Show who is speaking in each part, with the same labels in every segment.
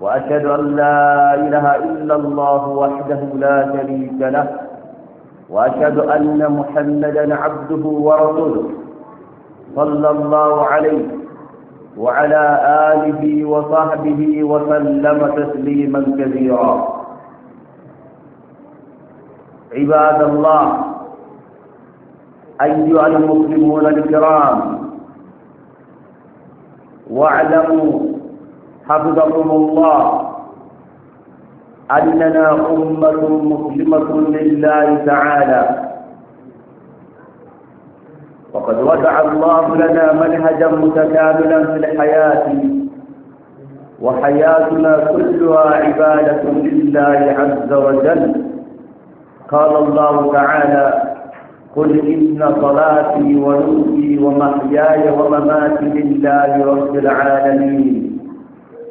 Speaker 1: وأشهد أن لا إله إلا الله وحده لا شريك له وأشهد أن محمدا عبده ورسوله صلى الله عليه وعلى آله وصحبه وسلم تسليما كثيرا عباد الله أيها المسلمون الكرام واعلموا حفظكم الله أننا أمة مسلمة لله تعالى وقد وضع الله لنا منهجا متكاملا في الحياة وحياتنا كلها عبادة لله عز وجل قال الله تعالى قل إن صلاتي ونوتي ومحياي ومماتي لله رب العالمين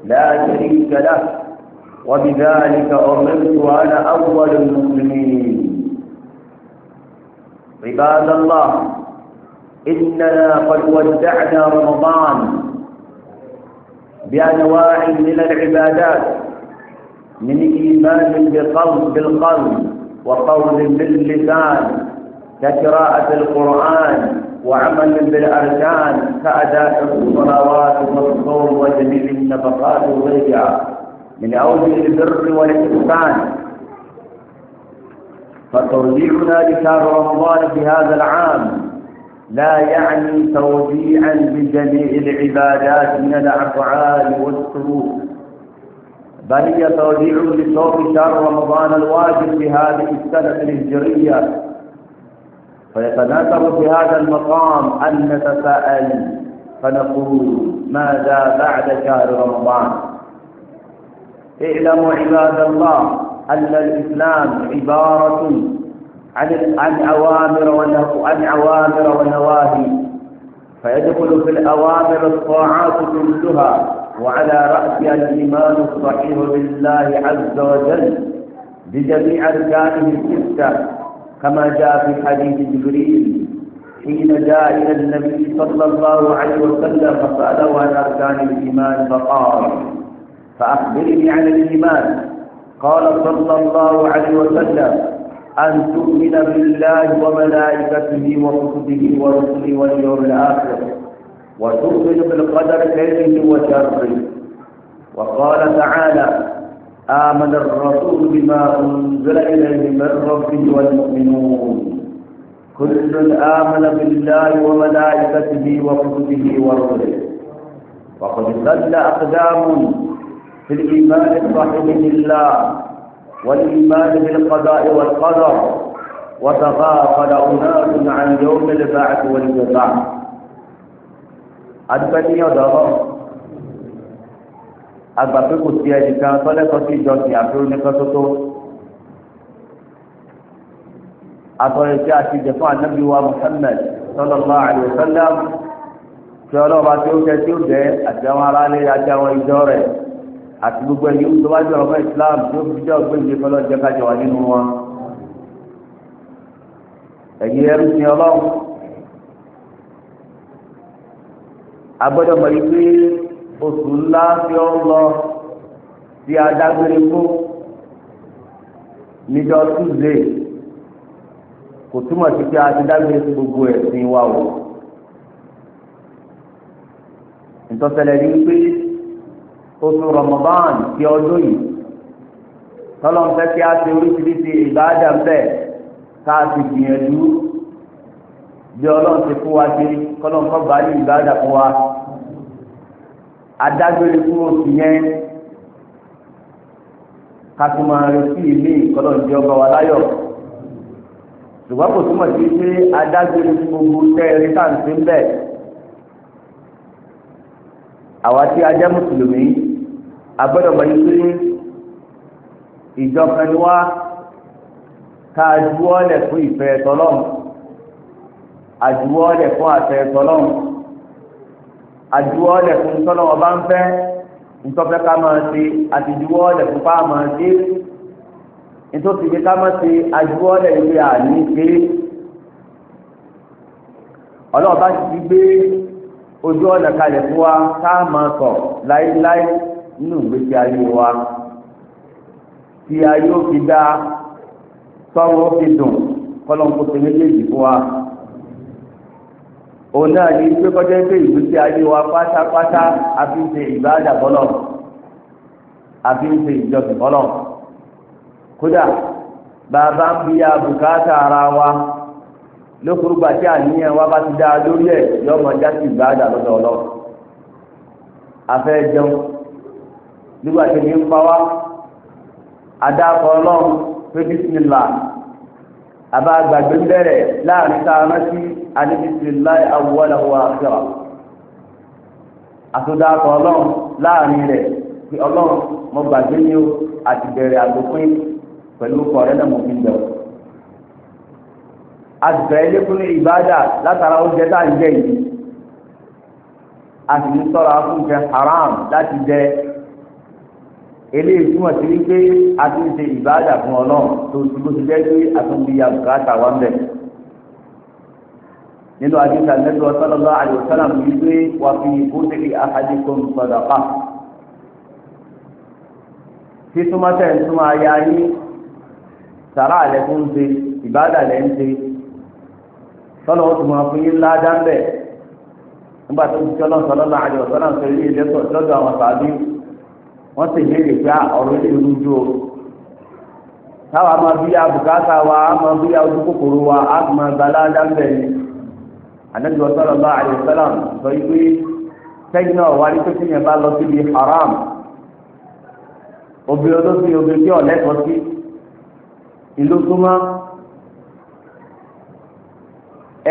Speaker 1: لا شريك له وبذلك أمرت وأنا أول المسلمين عباد الله إننا قد ودعنا رمضان بأنواع من العبادات من إيمان بالقلب بالقلب وقول باللسان كقراءة القرآن وعمل بالأركان كأداء الصلوات والصوم وجميع النفقات وغيرها من أوجه البر والإحسان فتوزيعنا لشهر رمضان في هذا العام لا يعني توزيعا لجميع العبادات من الأفعال والسلوك بل هي توزيع لصوم شهر رمضان الواجب في هذه السنة الهجرية فيتناسب في هذا المقام أن نتساءل فنقول ماذا بعد شهر رمضان اعلموا عباد الله أن الإسلام عبارة عن عن أوامر عن أوامر ونواهي فيدخل في الأوامر الطاعات كلها وعلى رأسها الإيمان الصحيح بالله عز وجل بجميع أركانه الستة كما جاء في حديث جبريل حين جاء إلى النبي صلى الله عليه وسلم فسأله عن أركان الإيمان فقال فأخبرني عن الإيمان قال صلى الله عليه وسلم أن تؤمن بالله وملائكته وكتبه ورسله واليوم الآخر وتؤمن بالقدر خيره وشره وقال تعالى آمن الرسول بما أنزل إليه من ربه والمؤمنون كل آمن بالله وملائكته وكتبه ورسله وقد ظل أقدام في الإيمان الصحيح بالله والإيمان بالقضاء والقدر وتغافل أناس عن يوم البعث والجزاء أدبني يا àgbà pé kò sí ẹnìkan tọ́lẹ́tọ́ sí ìjọsìn àti oníkan tó tó àtọ́rẹ́ tí a ti jẹ fún ànábì wa Muhammad sallallahu alaihi wasallam tí ọlọ́ọ̀bá tí ó jẹ tí ó jẹ àti àwọn aráalé àti àwọn ìjọ rẹ̀ àti gbogbo ẹni tó bá jọ ọmọ Islam tí ó fi jẹ́ ògbéǹde kọ́lọ́ jẹ́ ká jọ wà nínú wọn. ẹ̀yin ẹrú sin ọlọ́run a mọ̀ yí pé oṣù ńlá tí ó ń lọ tí a dágbére fún níjọ́ tuesday kò túmọ̀ sí pé a ti dágbére fún gbogbo ẹ̀sìn wa o ìtọ́sẹ̀lẹ̀ ní pé oṣù ramadan ti ọdún yìí tọ́lọ́mùfẹ́ kí a ti oríṣiríṣi ìbáàdà ń ká a ti gbìyànjú bí ọlọ́run ti fún wa ṣe kọ́lọ́mùfẹ́ bá ní ìbáàdà fún wa adágbére fún oṣù yẹn kátùmọ̀ retí ilé ìkọlọ̀ ìjọba wa láyọ̀ ṣùgbọ́n kò túmọ̀ sí pé adágbére fún gbogbo tẹ́ẹ̀rí sáǹtì ń bẹ̀ àwa tí a jẹ́ mùsùlùmí a gbọ́dọ̀ mọ̀ ní pé ìjọ ni wá ká a juwọ́ lẹ̀ fún ìfẹ́ tọ́lọ́mù a juwọ́ lẹ̀ fún àfẹ́ tọ́lọ́mù àdúrà ọ̀lẹ̀ fún tọ́lọ́ ọba ń fẹ́ ntọ́fẹ́ ká máa ṣe àtijúwọ́ ọ̀lẹ̀ fún fáà máa ṣe ntọ́sí pé ká máa ṣe àdúrà ọ̀lẹ̀ ìwé àní ṣe ọlọ́ọ̀bá ti ti gbé ojú ọ̀nà kalẹ̀ fún wa tá a máa sọ láéláé nínú ìgbésí ayé wa tí ayé ó fi dá sọ́run ó fi dùn kọ́lọ́ǹkó ṣe méjèèjì fún wa. òun náà ní pé kọ́jọ́ pé ìgbésí ayé wa pátápátá a fi ń ṣe ìbáàdà bọ́lọ̀ a fi ń ṣe ìjọsìn bọ́lọ̀ kódà ara wa lókùrúgbà tí àníyàn wa bá ti dá lórí ẹ̀ yọmọ jásí ìbáàdà lọ́dọ̀ afẹ́ jẹun nígbà tí ń àbá gbàgbé bẹ̀rẹ̀ láàrin sáárá sí alébísíláì awwalahu wa akhira àtúndàkọ̀ ọlọ́run láàrin rẹ̀ pé ọlọ́run mo gbàgbé ní o àti bẹ̀rẹ̀ àtòpin pẹ̀lú ọkọ̀ rẹ̀ náà mo fi bẹ̀rù àtìbẹ̀rẹ̀ lékún ní ìbádà látara oúnjẹ tá ń jẹ yìí a sì ń fún jẹ haram láti jẹ eléyìí túmọ̀ sí wípé a ti ń ṣe ìbáàdà fún ọlọ́run tó ti bó ti jẹ́ pé a tún bí abùkátà wá ń bẹ̀. nínú àdìsá nẹ́tọ̀ sọ́lọ́lá àdìsọ́lá mi wípé wà fi kóńtẹ́lì ahadikum sadaqa. títúmọ̀ tẹ̀ ń túmọ̀ ayé ayé sàrà àlẹ́ tó ń ṣe ìbáàdà lẹ́ ń ṣe sọ́lọ́ wọn tún máa fún yín ládàá ń bẹ̀ nígbà tó ń ṣe ọlọ́run àdìsọ́lá ń sọ wọ́n sì ní ìgbà ọ̀rọ̀ ilé ìrújú o táwa máa bí abùkátà wa á máa bí ojú kòkòrò wa á máa gbaládá ń bẹ̀ ni ànábi ọ̀sọ́rọ̀ bá àyè sọ́lá sọ wípé sẹ́yìn náà wá ní pé kí yẹn bá lọ síbi haram obìnrin olóṣèlú obìnrin tí ọ̀lẹ́kọ̀ọ́ sí ìlú súnmọ́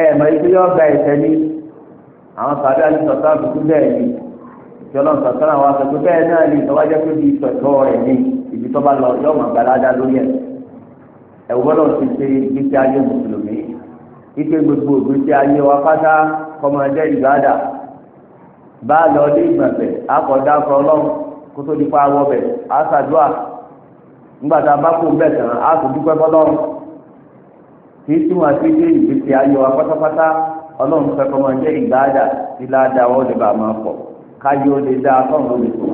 Speaker 1: ẹ̀ẹ̀mọ̀ ìpínlẹ̀ ọgbà ìtẹ́ni àwọn sàbẹ̀ àti sọ̀tà àbùkù bẹ́ẹ̀ ni. tí ọlọ́run sọ̀tọ́nà wa sọ pé bẹ́ẹ̀ náà ni ìtọ́wá jẹ́ pé bí rẹ̀ ibi tó bá lọ yóò mọ̀ gbàládá lórí ẹ̀ ẹ̀wù gbọ́dọ̀ ti ṣe ayé mùsùlùmí ike gbogbo gbèsè ayé wa pátá kọ́mọdé ìgbàdà bá lọ dé akọ̀dá ọlọ́run kó tó di pa awọ bẹ̀ àṣàdúà nígbà tá a bá kó bẹ̀ tán dúpẹ́ fọlọ́run kì í túmọ̀ káyọ̀ lè dá ọlọ́run lè tó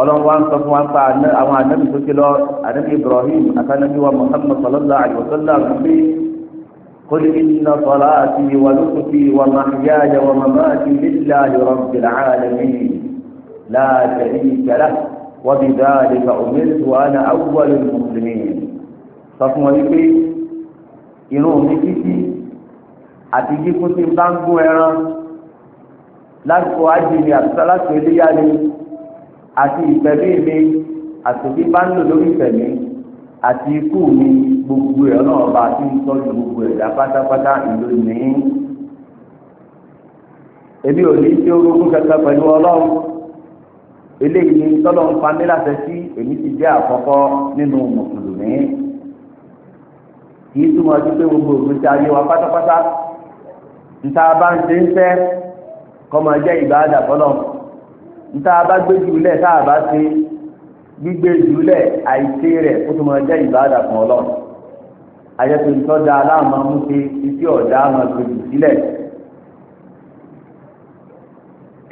Speaker 1: ọlọ́run wa ń sọ fún wa pa àwọn anabi tó ti lọ anabi ibrahim àti anabi wa muhammad sallallahu alayhi wa sallam pé قل إن صلاتي ونسكي ومحياي ومماتي لله رب العالمين لا شريك له وبذلك أمرت وأنا أول المسلمين sọfún wọn wípé irun mi títí àti jíkún bá ń gún ẹran lásìkò ájìmí àtúntàlásìkò eléyà ni àti ìfẹ̀mí mi àtòkí bá ń lò lórí ìfẹ̀mí àti ikú mi gbogbo ẹ̀ náà bá ti ń tọ́jú gbogbo ẹ̀dá pátápátá ìlú ní. èmi ò ní tí orogún kankan pẹ̀lú ọlọ́run eléyìí ni tọ́lọ́run pa mí láṣẹ sí èmi ti jẹ́ àkọ́kọ́ nínú mùsùlùmí kì í túmọ̀ sí pé gbogbo ògbésí ayé wa pátápátá nta bá ń ṣe ń fẹ́ kọ́mọ jẹ́ ìbáàdà fọlọ́ níta bá gbé jùlẹ̀ tá a bá ṣe gbígbé jùlẹ̀ àìṣe rẹ̀ ó tún máa jẹ́ ìbáàdà fún ọlọ́ àyẹ̀tò ìtọ́jà aláàmọ́ mú ṣe iṣẹ́ ọ̀dà máa gbèjì sílẹ̀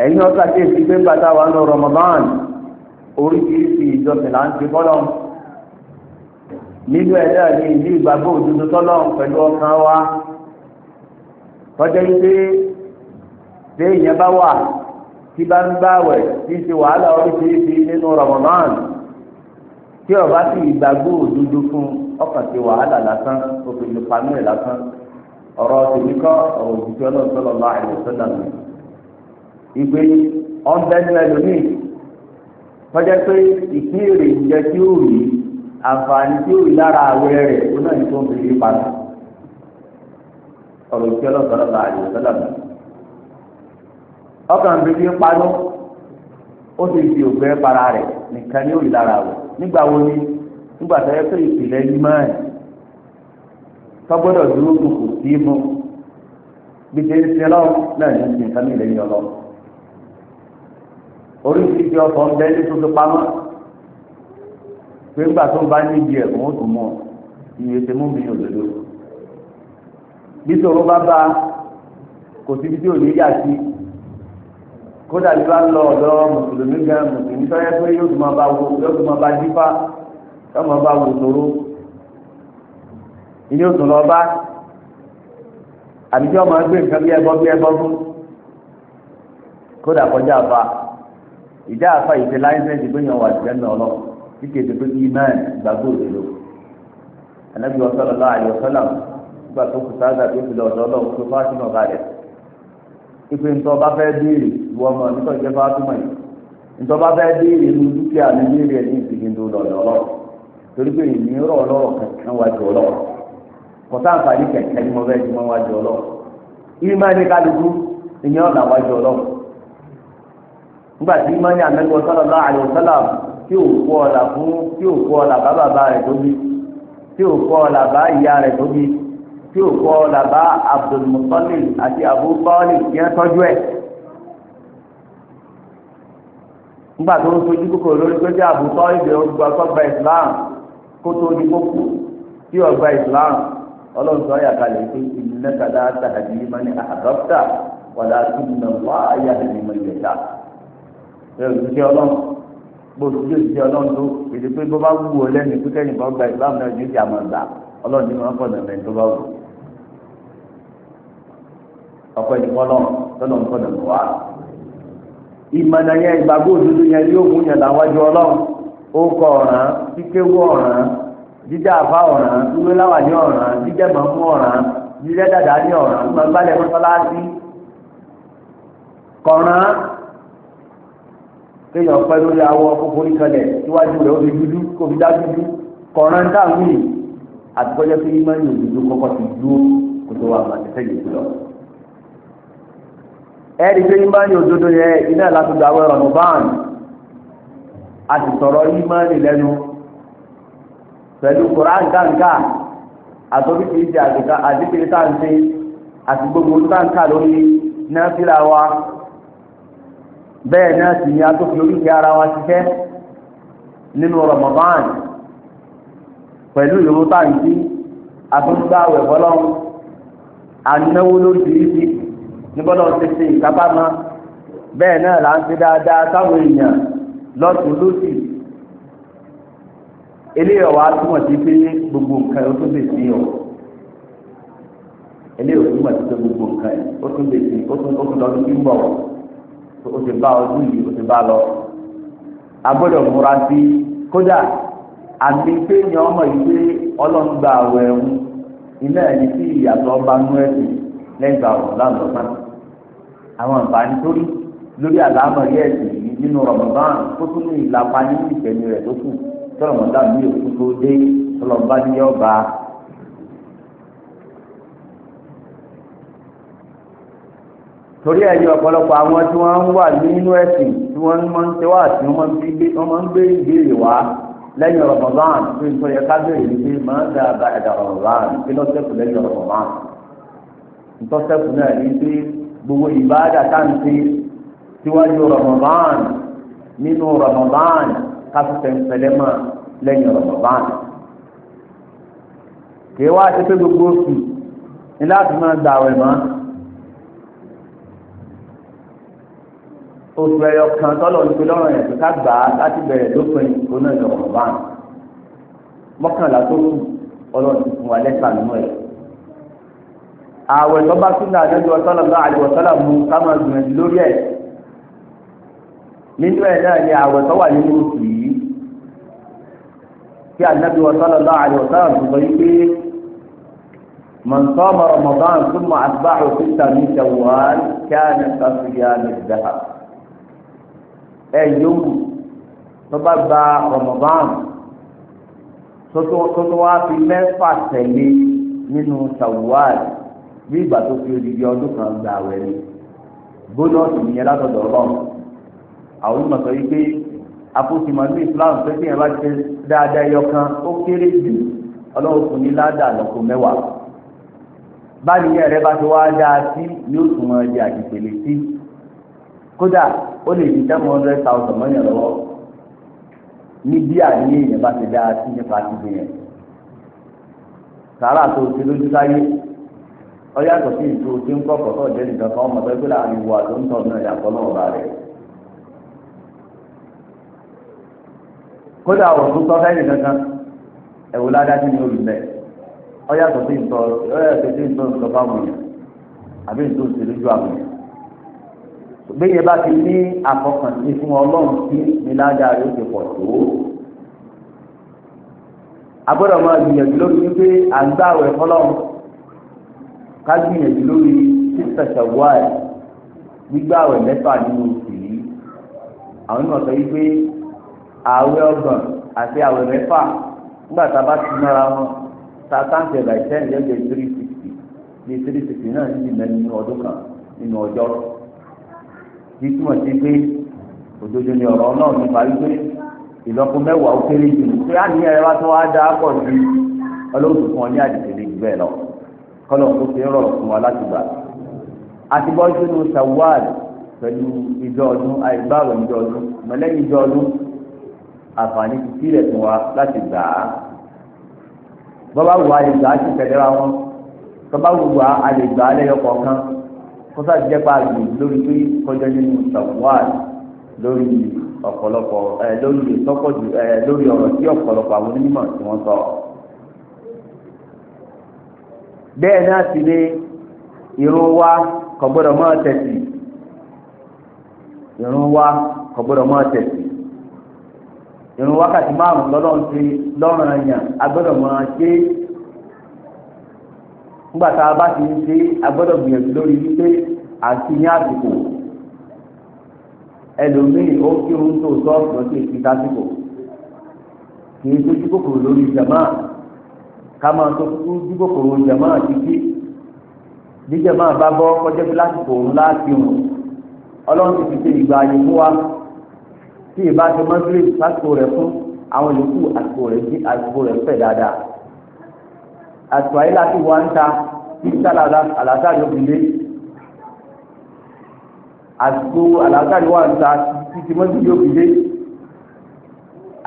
Speaker 1: ẹ̀yin ọ̀sà kéèsì pé bàtà wà lọ Ramadan oríṣiríṣi ìjọsìn là ń ṣe fọlọ́ nínú ẹ̀dá ní ìlú ìgbàgbọ́ òdodo tọ́lọ́ pẹ̀lú ọkàn wa tọ́jọ́ yìí pé bẹ́ẹ̀ yẹn bá wà tí bá ń gbàwẹ̀ tí ń ṣe wàhálà oríṣiríṣi nínú Ramadan tí ọba sì ìgbàgbọ́ òdodo fún ọkàn ti wàhálà lásán òfin ìpamọ́ ẹ̀ lásán ọ̀rọ̀ tèmi kọ́ ọ̀rọ̀ òjijì ọlọ́run sọ́lọ́ bá àìlèsọ́nà mi. ìgbé ọ̀nbẹ́nu ẹlòmíì tọ́jà pé ìpín ìjẹ tí ó rí àǹfààní tí ó rí lára àwẹ̀ rẹ̀ ó náà ní tó ń fi rí pamọ́ ọ̀rọ̀ òjijì ọlọ́run sọ́lọ́ bá mi. ọkàn bèbí ń parọ́ ó sì fi ògbẹ́ para rẹ̀ nìkan ní òrì lára rẹ̀ nígbà wo ni nígbà tó yẹ pé ìpìlẹ̀ yìí máa ń tọ́gbọ́dọ̀ dúró kù kò sí mú bí ṣe ń ṣe lọ́wọ́ náà ní nílẹ̀ ọlọ́wọ́ oríṣiríṣi ọkọ̀ ń ní pé ńgbà tó ń bá níbi ó kódà bí wàá lọ ọ̀dọ̀ mùsùlùmí gan mùsùlùmí tọ́yẹ pé yóò tún máa bá wo yóò tún máa bá dífá yóò máa bá wò sóró ilé òtún lọ bá àbíjọ́ máa gbé nǹkan bí ẹbọ bí ẹbọ fún kódà kọjá àfa ìjà àfa ìṣe láìsẹ̀ǹsì pé yàn wà jẹ́ náà lọ tí kìí ṣe pé kí imáà gbàgbọ́ òṣèlú ànábì sallallahu alaihi wasallam nígbà tó kù sáà Ife ntọ́ bá fẹ́ béèrè ìwọ ọmọ nípa ìjẹ́ fátúmọ̀ yìí ntọ́ bá fẹ́ béèrè inú dúkìá mi béèrè ẹ̀ ní ìsìnkú tó lọ́yọ̀ lọ́rọ̀ torí pé èmi rọ̀ lọ́rọ̀ kankan wájú kọ́tà àǹfààní kẹ̀kẹ́ ni mo fẹ́ mọ́ wájú kálukú ọ̀nà wájú nígbà tí tí ò kọ́ làbá abdulmutalib àti abu talib kí wọ́n tọ́jú ẹ̀ nígbà tó ń sojú kókò lórí pé tí abu talib ọgbà ọgbà islam kó tó di kókò tí ọgbà islam ọlọ́run sọ yà kalẹ̀ pé ìlú kàdá tàbí ìmọ̀ ní àdọ́tà wàdà tó ń nà wá ayé àdìmí mọ̀ ìyẹ̀dá. ẹ̀rù ti ṣe ọlọ́run gbòòrò yóò ti ṣe ọlọ́run tó èdè pé bó bá wù ọ lẹ́nu pé kẹ́yìn gba ìsìlámù náà yóò ti àmọ̀ gbà ọlọ́run ní wọn fọ̀nà mẹ́rin tó bá wù ọ̀pọ̀ ìdìbọ́lọ̀ tọ́lọ̀ nǹkan lọ wá. ìmọ̀nà yẹn ìgbàgbọ́ òdodo yẹn yóò mú yàn láwájú ọlọ́run ó kọ ọ̀ràn kíkéwó ọ̀ràn jíjẹ́ àfa ọ̀ràn ìwé láwàní ọ̀ràn jíjẹ́ mọ̀mú ọ̀ràn jíjẹ́ dàdá ní ọ̀ràn ìmọ̀gbálẹ̀ mọ́sálásí kọ̀ràn kéèyàn pẹ́ lórí awọ kókó ìkọlẹ̀ síwájú rẹ̀ ó fi dúdú kó fi dá dúdú kọ̀ràn dáhùn yìí àtikọ́jẹ́ pé ìmọ̀ ìlú òdodo kọ́kọ́ ti dúró kó tó wà màtẹ́fẹ́ yìí lọ. ẹ̀rí pé ìmánì òdodo yẹ iná láti àwọn ẹ̀rọ a ti sọ̀rọ̀ ìmánì lẹ́nu pẹ̀lú koran kàǹkà àtọ́bíkì ìṣe àdìkiri táǹtì àti gbogbo táǹkà lórí náà síra wa bẹ́ẹ̀ náà sì ni a tó fi oríṣi ara wa ṣiṣẹ́ nínú Ramadan pẹ̀lú ìrún táǹtì àtúngbà àwẹ̀ bọ́lọ́run anáwó lóríṣiríṣi. níbọ́lọ́ ti ṣe ma bẹ́ẹ̀ náà là ń ṣe dáadáa sáwọn èèyàn lọ́tún lọ́sì eléyọ̀ wá túmọ̀ sí pé gbogbo nǹkan ó tún lè sí ọ̀ o túmọ̀ sí pé gbogbo nǹkan ó tún lè sí ó tún lọ́dún tí ń ó ti bá ọdún yìí ó ti bá lọ agbọ́dọ̀ múra sí kódà àti pé èèyàn ọmọ yìí pé ọlọ́run gba àwọ̀ ẹ̀hún iná ọba nú ẹ̀sìn àwọn ìbáni tó rí lórí àlámọ̀ rí ẹ̀sìn yìí nínú Ramadan tó tún ní ìlàpá nínú ìfẹ̀mí rẹ̀ tó kù tí Ramadan mi ò kú tó dé ọlọ́ba ní ọba. torí ẹ̀yìn ọ̀pọ̀lọpọ̀ àwọn tí wọ́n ń wà nínú ẹ̀sìn tí wọ́n máa ń tẹ́wà tí wọ́n máa ń gbé ìbéèrè wá lẹ́yìn Ramadan tó ń sọ yẹ ká béèrè ní pé máa ń dá àbá ẹ̀dà Ramadan kí lọ́sẹ̀kù lẹ́yìn Ramadan ntọ́sẹ̀kù náà ní pé gbogbo ìbáàdà tá à ń ṣe síwájú Ramadan nínú Ramadan kásìtẹ̀ǹsẹ̀lẹ̀ mọ́ lẹ́yìn Ramadan. kì í wá ṣe pé gbogbo oṣù ní láti máa gbà àwẹ̀ mọ́. oṣù ẹyọ kan tọ́lọ̀ ní pé lọ́rọ̀ yẹn tó ká gbà á láti bẹ̀rẹ̀ lópin oná ìjọba Ramadan mọ́kànlá tó kù ọlọ́run ti fún wa lẹ́sà nínú ẹ̀ ààwẹ̀ tó bá súnà àjọjọ ọ̀sán lọ́wọ́ àlùwọ̀sán mú kámọ̀ gbìyànjú lórí ẹ̀ nínú ẹ̀ náà ni ààwẹ̀ tó wà nínú oṣù yìí kí ànábi ọ̀sán lọ́wọ́ àlùwọ̀sán mú sọ yìí pé mọ̀nsọ́ mọ̀rọ̀ mọ̀bán súnmọ́ àtúbà òkúta ní ṣàwọ́n kí á ní sàfihà ní bí ìgbà tó fi odidi ọdún kan gba àwẹ̀ ni bónọ́ọ̀sì nìyẹn látọ̀dọ̀ ọlọ́run àwọn onímọ̀ sọ wípé àpòsìmọ̀ ní Islam pé bí yẹn bá ti dáadáa ẹyọ kan ó kéré jù ọlọ́run fún ní ládàá lọ́kọ mẹ́wàá báyìí ní ẹ̀rẹ́ bá ti wá dáa sí ní oṣù wọn di àdìpèlè sí kódà ó lè di seven hundred thousand mọ́yàn lọ́wọ́ ní bí àníyàn bá ti dáa sí nípa ti sàrà tó ti lójú sáyé ọyàtọ̀ sí ìtò tí ń kọ́kọ́ tó jẹ́ nìkan kan ọmọ tẹ́gbẹ́ láàrin ìwà tó ń tọ̀ náà yàtọ̀ náà bá rẹ̀. kódà ọ̀rọ̀ tó tọ́ fẹ́ẹ́ nìkan kan ẹ̀wò ládàtí ni olùmẹ̀ ọyàtọ̀ sí ìtọ̀ ọyàtọ̀ sí ìtọ̀ ìtọ̀ fáwọn èèyàn àbí ìtò òṣèlú ju àwọn èèyàn. gbẹ̀yẹ bá ti ní àkọkànsí fún ọlọ́run sí ni ládàá rẹ̀ ó ti pọ̀ tó agbọ́dọ̀ máa gbìyànjú lórí wípé àgbáwẹ̀ fọlọ́run ká gbìyànjú lórí sísẹ̀sẹ̀ wáì gbígbà àwẹ̀ mẹ́fà nínú oṣù yìí àwọn onímọ̀ sọ wípé àwẹ̀ ọgbọ̀n àti àwẹ̀ mẹ́fà nígbà tá a bá ti wọn ta ní three sixty náà ní nínú ọ̀rọ̀ náà mẹ́wàá ó kéré kọ́nà kó fi rọrùn fún wa láti gbà. àti bọ́ sínú sawal pẹ̀lú ìjọ ọdún àìgbàwẹ̀ ìjọ ọdún mọ̀lẹ́yìn ìjọ ọdún àǹfààní ti sílẹ̀ fún wa láti gbà á. bọ́bá wù wá lè gbà á sì tẹ̀lé ra wọn bọ́bá wù wá a lè gbà á lẹ́yọ kọ̀ọ̀kan kó sáà jẹ́ pa àgbè lórí pé kọjá nínú sawal lórí ọ̀pọ̀lọpọ̀ lórí ọ̀rọ̀ tí ọ̀pọ̀lọpọ̀ àwọn onímọ̀ tí wọ́n sọ. bẹ́ẹ̀ náà sì ni ìrun wa kò gbọ́dọ̀ máa tẹ̀sí ìrun wa kò wákàtí márùn lọ́lọ́run ti lọ́rùn ẹ̀yàn a gbọ́dọ̀ máa ṣe nígbà bá ti ń ṣe a gbìyànjú lórí wípé àti ní àsìkò ẹlòmíì ó kí ìdásìkò kì í tójú kòkòrò lórí ká máa tó kú dúgbòkòrò jàmá àtijọ́ bí jàmá bá bọ́ kọjá láti kò ń láti hùn ọlọ́run ti fi ṣe ìgbà ayé fún wa tí ìbá ti mọ́gírèjì sásìkò rẹ̀ fún àwọn yòókù àsìkò rẹ̀ sí àsìkò rẹ̀ fẹ̀ dáadáa àsìkò ayé láti wá ń ta kí sálà àlàáfíà yóò fi lé àsìkò àlàáfíà yóò wá ń ta títí mọ́gírèjì yóò fi lé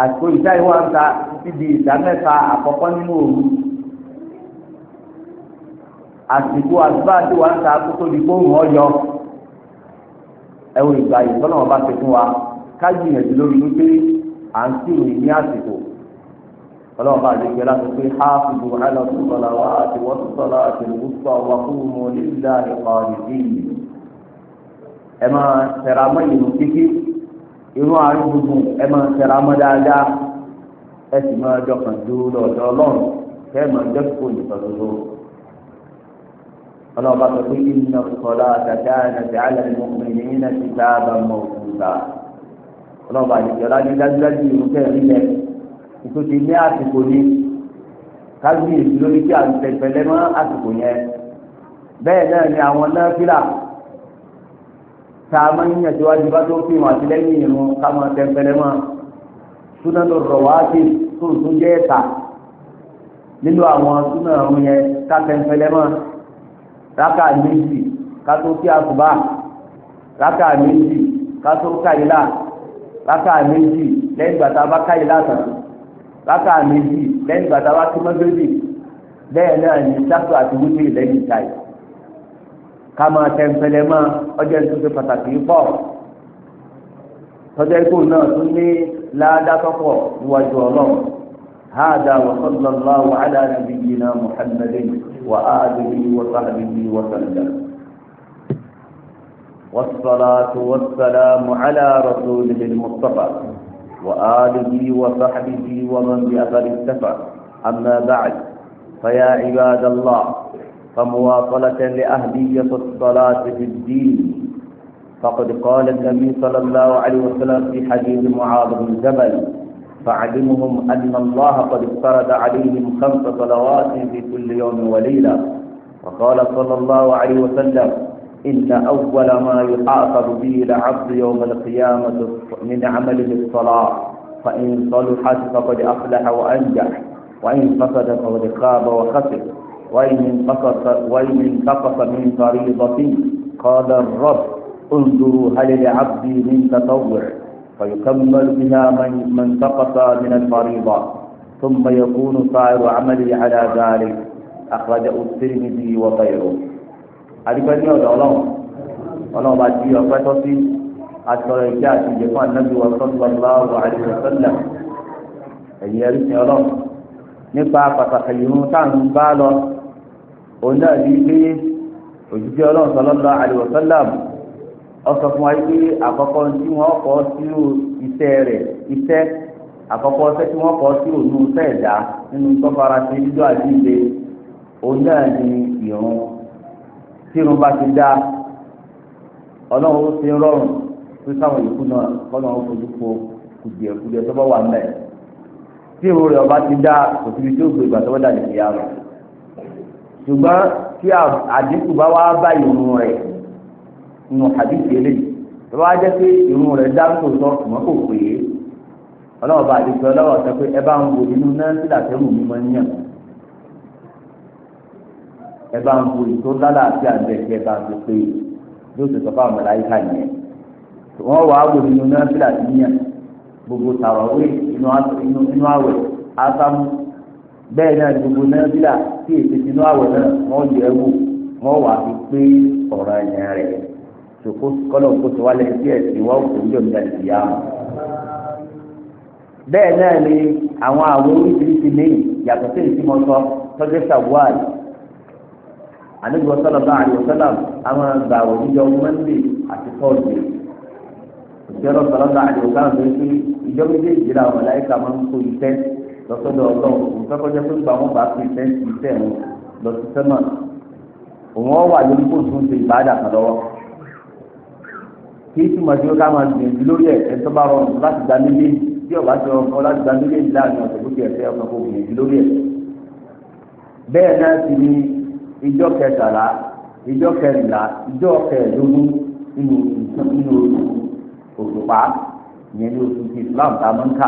Speaker 1: àsìkò ìṣá ìwà ń ta títí di ìdá mẹ́ta àkọ́kọ́ nínú òru àsìkò àdúrà tí wà ń ta kó tó di gbóhùn ọyọ ẹwọ ìgbà yìí tọ́nà ọba ti fún wa ká lórí wípé à ń kírun yìí ní àsìkò ọlọ́run bá àdéhùn láti pé háàfùdù aláṣùsọ̀lá wa àti wọ́sùsọ̀lá àti ìwúsọ̀ wa fún mu nílùú àìkọ́ ọ̀dìdì ẹ máa tẹ̀ra mọ́ ìlú kíkí irú àárín gbùngbùn ẹ máa tẹra mọ́ dáadáa ẹ sì máa dọkàn ju lọ́dọ̀ ọlọ́run kẹ́ ẹ máa dẹ́kun nìkan lọ́dọ̀ ọlọ́ba sọ pé iná sọlá àtàkà àti àlẹ́mú ìrìn iná ti bá a bá mọ òkúta ọlọ́ba àdìjọ́lá ní dájúdájú ìlú kẹrin lẹ ìtòkè ní àsìkò ní kábíyèsí lórí kí àtẹ̀pẹ̀lẹ́ mọ́ àsìkò yẹn bẹ́ẹ̀ náà ni àwọn náà fílà tá a máa ń yàn síwájú bá tó fi wọn àtìlẹ́yìn ìrun ká máa tẹnpẹlẹ mọ́ súná ló rọ̀ wá sí tuntun jẹ́ ẹ̀ta nínú àwọn súná ọ̀hún yẹn ká tẹnpẹlẹ mọ́ rákà méjì ká tó kí àsùbá rákà méjì ká tó káyìlá rákà méjì lẹ́yìn ìgbà tá a bá káyìlá tán rákà méjì lẹ́yìn ìgbà tá a bá tó mọ́gbẹ́bì bẹ́ẹ̀ náà ní sáfù àti wípé lẹ́yìn ìta yìí. ká máa tẹ̀m̀pẹ̀lẹ̀ máa ọjọ́ ìlú ṣe pàtàkì pọ̀ tọ́jọ́ ikú náà tún ní ládàkọ́pọ̀ níwájú ọlọ́run هذا وصلى الله على نبينا محمد وآله وصحبه وسلم والصلاة والسلام على رسوله المصطفى وآله وصحبه ومن بأثر السفر أما بعد فيا عباد الله فمواصلة لأهلية الصلاة في الدين فقد قال النبي صلى الله عليه وسلم في حديث معاذ بن جبل فعلمهم أن الله قد افترض عليهم خمس صلوات في كل يوم وليلة وقال صلى الله عليه وسلم إن أول ما يحاسب به العبد يوم القيامة من عمله الصلاة فإن صلحت فقد أفلح وأنجح وإن فسد فقد خاب وخسر وإن انتقص, وإن انتقص من فريضتي قال الرب انظروا هل لعبدي من تطوع فيكمل بها من من انتقص من الفريضة ثم يكون سائر عملي على ذلك أخرجه الترمذي وغيره هذه أدعو الله الله بعد وفتوسي àtọ̀rọ̀ أكثر àti ìjẹ̀fọ́ النبي صلى الله عليه وسلم sallam ẹ̀yìn ẹ̀rí sí ọlọ́run nípa pàtàkì onu náà ní pé òjijì ọlọ́run ọsọ fún wa pé àkọ́kọ́ tí wọ́n kọ́ sírò iṣẹ́ rẹ̀ iṣẹ́ àkọ́kọ́ tí wọ́n kọ́ nínú iṣẹ́ ẹ̀dá nínú tọ́fara ṣe dídọ́ àdíje òun náà ní ìrun tírun bá ti dá ọlọ́run ó ti rọrùn pé káwọn ìkú náà kọ́nà ó fojú kùdìẹ̀kùdìẹ̀ rẹ̀ ṣùgbọ́n tí àdínkù bá wá bá ìrun rẹ̀ nù àdínkù eléyìí tó bá jẹ́ pé ìrun rẹ̀ dáńtò sọ ṣùgbọ́n kò pè é ọlọ́wọ́ bá àdínkù ọlọ́wọ́ sọ pé ẹ bá ń wo inú náà sí làtẹ́rù mi mọ́ níyàn ẹ bá ń wo ìtò lálàáfíà ń bẹ̀ kí ẹ bá ń fi pé yóò e. ṣe sọ fáwọn mọ̀láyíkà nìyẹn wọ́n wàá wo inú náà sí làtẹ́rù níyàn gbogbo tàwọn bẹ́ẹ̀ náà gbogbo nábìlà tí èsì tinú àwẹ̀ náà wọ́n yẹ wò wọ́n wà fi pé ọ̀rọ̀ ẹ̀yàn rẹ̀ ṣòkó kọ́lọ̀ kó ti wálé díẹ̀ sí wọ́n kò ní òmìnira ti yá wọn. bẹ́ẹ̀ náà ni àwọn àwọn oríṣiríṣi ní yàtọ̀ sí sọ tọ́jú bá àwọn mọ́ndé àti tọ́jú bá tó ń méjèèjì làwọn ọ̀la ẹ̀ka máa ń kó lọ́sọ́dọ̀ ọlọ́run òun fẹ́ kọjá pé gbà wọ́n bá pè sẹ́ńtì iṣẹ́ wọn lọ sí sẹ́mà òun ọ wà lórí kóòtù ń ṣe ìbáàdà kan lọ́wọ́ kí túmọ̀ sí ká máa gbìyànjú lórí ẹ̀ ẹ̀ tó bá rọrùn láti gba nílé tí ọ̀bá ti rọrùn kan láti gba nílé láàrin ọ̀sẹ̀ tó ti ẹ̀fẹ́ ọkàn kò gbìyànjú lórí ẹ̀ bẹ́ẹ̀ náà sì ni ìjọ kẹtàlá ìjọ kẹrìnlá ìjọ kẹẹ̀ẹ́dógún nínú òṣùpá ìyẹn ní oṣù ti Islam tá a máa ń kà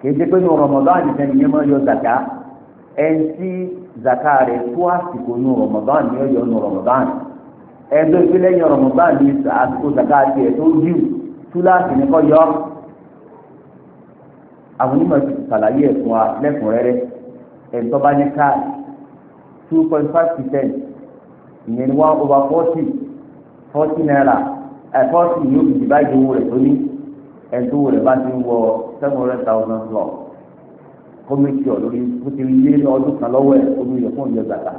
Speaker 1: kì í ṣe pé ní Ramadan àdìsẹ́ ni yẹn máa yọ zaka ẹni tí zaka rẹ̀ tó àsìkò ní Ramadan ni yọ ní Ramadan ẹgbẹ́ ìpín lẹ́yìn Ramadan ni àsìkò zaka tiẹ̀ tó dìú túláàsì ni kọ́ yọ àwọn onímọ̀ ti ṣàlàyé ẹ̀fún wa lẹ́kùnrẹ́rẹ́ ẹ̀ńtọ́ bá ní káàdì two point five percent ìyẹn ni one over forty forty naira ẹ̀ forty yóò fi dìbàjẹ́ owó rẹ̀ tó ní ẹ̀ńtọ́ owó rẹ̀ wọ seven hundred thousand plus kọ́mẹ́tì ọ̀lórí ó ti lé ọdún kan lọ́wọ́ ẹ̀ omi rẹ̀ fún ìyọ̀ gbàgbà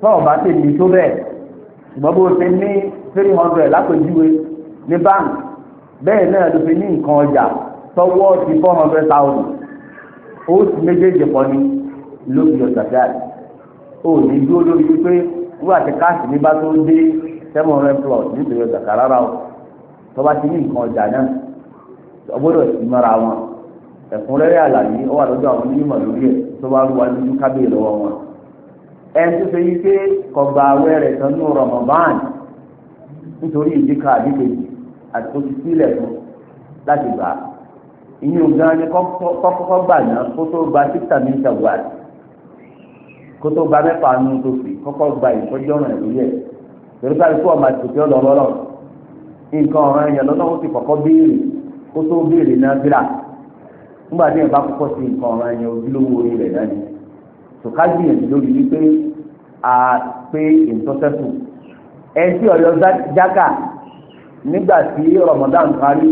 Speaker 1: tọ́ọ̀ bá ti di tó bẹ́ẹ̀ ṣùgbọ́n bó ti ní three hundred lápèjúwe ní báńkì bẹ́ẹ̀ náà ló fi ní nǹkan ọjà tọ́wọ́ ti four hundred thousand ó sì méjèèjì pọ̀ ní ló fi ọjà jáde ó ní dúró lórí wípé wíwà ti káàsì ní bá tó dé seven hundred plus nítorí ọjà kà o tọ́ bá ti ní nǹkan ọjà náà ọgbọ́dọ̀ sí mara wọn ẹ̀kúnrẹ́rẹ́ àlàyé ó wà lọ́dọ̀ àwọn onímọ̀ lórí ẹ̀ tó bá wà lójú kábíyè lọ́wọ́ wọn. ẹ ń tún ṣe yí pé kọgbà awẹ́ rẹ̀ tán ní Ramadan nítorí ìdíkà àdíkejì àti tó ti sílẹ̀ fún láti gbà á. ìyẹn gan ni kọ́kọ́ gbà náà kó tó gba títà mi ṣàwà kó tó gba mẹ́fà nù tó fi kọ́kọ́ gba ìfọ́jọ́ràn ìlú yẹ torí káyọ̀ fún ọmọ àti tòkè ọlọ́rọ́ nǹkan ọ̀ràn ẹ̀yàn lọ́nà ó ti kọ́kọ́ béèrè kó tó béèrè náà bíra nígbà tí yẹn bá kọ́kọ́ sí nǹkan ọ̀ràn yẹn ojúlówó orí rẹ̀ náà ni tòkájú yẹn lórí wípé a pé ìtọ́sẹ́sù ẹ tí ọ̀yọ́ jáka nígbà tí Ramadan parí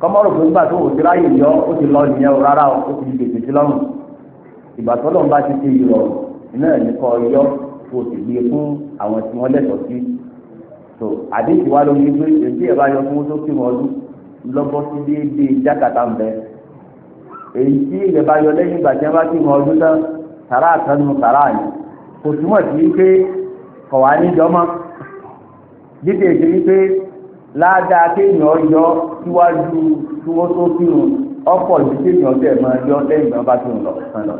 Speaker 1: kọ́mọ́rò pé nígbà tó o ti ráyè yọ ó ti lọ nìyẹn o rárá o ti gbèsè sí lọ́rùn ìgbà tó lọ́n bá ti ṣe ìrọ̀rùn iná ẹ̀ ní kọ́ yọ kó o sì gbé e fún àwọn tí wọ́n lẹ́tọ̀ọ́ sí. tó àdéhùn wa ló ń gbé èsì ẹ̀ bá yọ fún tó kí wọn ọdún lọ́bọ́ sí déédéé jákàtà ń bẹ èyí tí ilẹ̀ bá yọ lẹ́yìn ìgbà tí wọ́n bá ti mọ ọdún tán sàrà àtẹnu sàrà yìí kò túmọ̀ sí pé kọ̀wá níjọ́mọ́ dídè sí wípé ládàá kéèyàn yọ síwájú tí wọ́n tó kírun ọ̀pọ̀ ju kéèyàn tẹ̀ máa yọ lẹ́yìn ìgbà bá ti lọ kan lọ.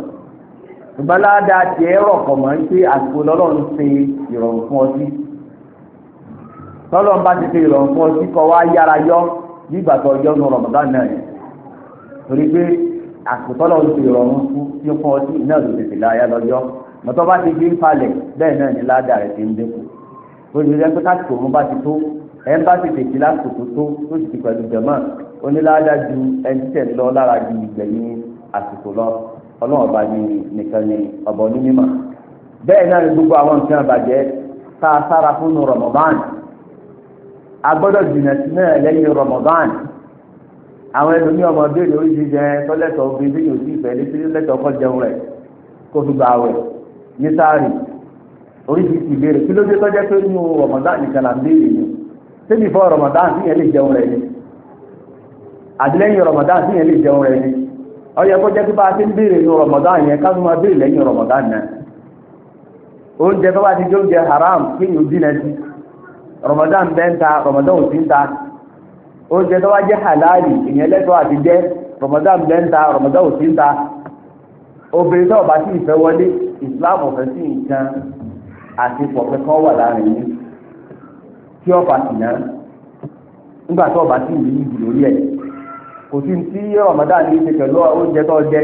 Speaker 1: ṣùgbọ́n ládàá tiẹ̀ rọ̀ kọ̀ mọ́ pé àsìkò lọ́lọ́run ṣe ìrọ̀rùn fún ọ sí. tọ́lọ́run bá ti ṣe ìrọ̀rùn fún ọ sí kọ́ wá yára yọ nígbà tó ọjọ́ nu rọ̀mọ̀dán náà yẹn torí pé àkùtọ́lọ̀ ń ti rọrùn fún tí fún ọtí náà ló tètè láyà lọ́jọ́ mọ́tọ́ bá ti gbé ń palẹ̀ bẹ́ẹ̀ náà ni ládà rẹ̀ ti ń dínkù ó ti rẹ́ pé káàkiri òun bá ti tó ẹn bá ti tètè lásìkò tó tó sì ti pẹ̀lú jẹ̀mọ́ onílàádá ju ẹni tẹ̀ lọ lára ju ìgbẹ̀yìn àsìkò lọ ọlọ́run bá ní nìkan ni agbọ́dọ̀ jìnnà sí náà lẹ́yìn Ramadan àwọn ẹlòmíì ọmọ béèrè oríṣiríṣi ẹ tọ́lẹ̀tọ̀ obìnrin bí yòó sí ìfẹ́ létí lẹ́tọ̀ ọkọ jẹun rẹ̀ kó fi gba àwẹ̀ ní sáàrì oríṣiríṣi ìbéèrè kí ló dé tọ́jẹ́ pé nínú Ramadan nìkan là ń béèrè ni síbi fọ́ Ramadan sí yẹn lè jẹun rẹ̀ ni àdìlẹ́yìn Ramadan sí yẹn lè jẹun rẹ̀ ni ọyẹ kó jẹ́ pé bá ń béèrè nínú Ramadan yẹn ká tó máa béèrè lẹ́yìn Ramadan náà oúnjẹ tó bá ti jẹ oúnjẹ haram kéèyàn dín náà Ramadan bẹ́ ń ta Ramadan ò sí ń ta oúnjẹ tó wá jẹ́ halali ìyẹn lẹ́tọ̀ọ́ àti jẹ́ Ramadan bẹ́ Ramadan ò sí obìnrin tó bá sì ìfẹ́ wọlé Islam ọ̀fẹ́ sí nǹkan àti pọ̀pẹ́ kan wà láàrin yìí tí ọba sì ná nígbà tó bá sì ní ìlú lórí ẹ̀ kò sí tí Ramadan ní ṣe pẹ̀lú oúnjẹ tó jẹ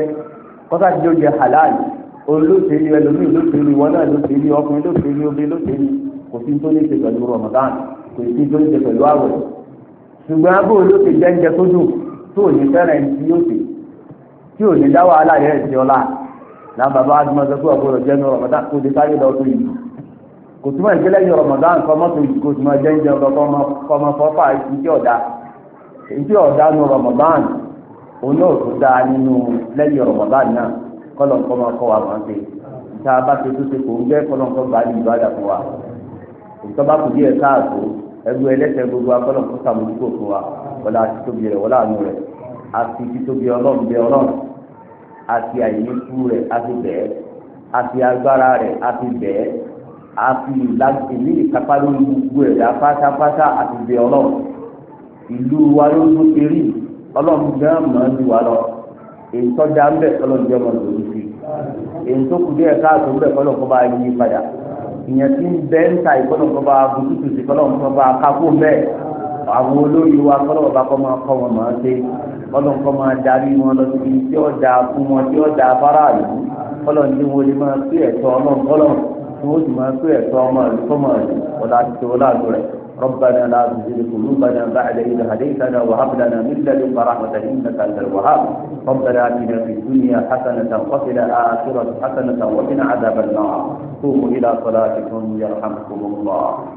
Speaker 1: kọ́sá ti jẹ́ oúnjẹ halali olóṣèlú ẹlòmíì lóṣèlú ìwọ náà lóṣèlú ọkùnrin lóṣèlú obìnrin lóṣèlú kò sí tó ní ṣe pẹ̀lú Ramadan kò sí tó ní ṣe pẹ̀lú àwẹ̀ ṣùgbọ́n abó ló ti jẹ́ńjẹ tó dùn tí ò ní fẹ́rẹ̀ ní yóò ṣe tí ò ní dá wàhálà rẹ̀ ṣe ọlá náà bàbá adúmọ̀ sọ pé ọ̀gbọ́dọ̀ jẹ́ ní Ramadan kò dé sáré lọ tó yìí kò túmọ̀ ìgbélé yìí Ramadan kọ́ mọ́tò yìí kò túmọ̀ jẹ́ńjẹ ọmọ fọ́fà iṣẹ́ ọ̀dà iṣẹ́ ọ̀dà ní Ramadan òun náà tó dáa nínú lẹ́yìn Ramadan náà kọ́lọ̀ kọ́ máa kọ́ wa máa ń ṣe ìta bá ṣe tó ṣe kò ń jẹ́ kọ́lọ̀ kọ́ bá ní ìbádà fún wa ìtọ́ba kù díẹ̀ káàtó ẹgbẹ́ ẹlẹ́sẹ̀ gbogbo akọ́lọ̀ kó sàmójútó fún wa wọlé àti tóbi rẹ̀ wọlé àánú rẹ̀ àti títóbi ọlọ́run bẹ ọlọ́run àti àyíkú rẹ̀ àti bẹ́ẹ̀ àti agbára rẹ̀ àti bẹ́ẹ̀ àti ìlàgbèmí ìkápá lórí gbogbo ẹ̀dá pátápátá àti bẹ ọlọ́run ìlú wa ló ló kéré ọlọ́run gan mọ́ ju wa lọ èyí tó dá ń bẹ̀ ọlọ́run jẹ́ ọmọ lòdì sí èyí tó kù káàtó ń bẹ̀ kọ́ ìyẹn ti ń bẹ́ ń ta ìkọ́nà kan bá bututu sí kọ́nà kan bá kákó bẹ́ẹ̀ àwọn olórí wa kọ́nà bá kọ́ máa kọ́ wọn máa ṣe kọ́nà kan máa darí wọn lọ síbi tí ó da fún wọn tí ó da fáráàlú kọ́nà ní wọn lè máa pé ẹ̀tọ́ ọmọ kọ́nà tí wọ́n sì máa pé ẹ̀tọ́ ọmọ ìfọ́mọ̀ ọ̀dà àti tòwọ́lá rẹ̀. ربنا لا تزل قلوبنا بعد إذا هديتنا وهب لنا من لدنك رحمة إنك أنت الوهاب ربنا آتنا في الدنيا حسنة وفي الآخرة حسنة وقنا عذاب النار قوموا إلى صلاتكم يرحمكم الله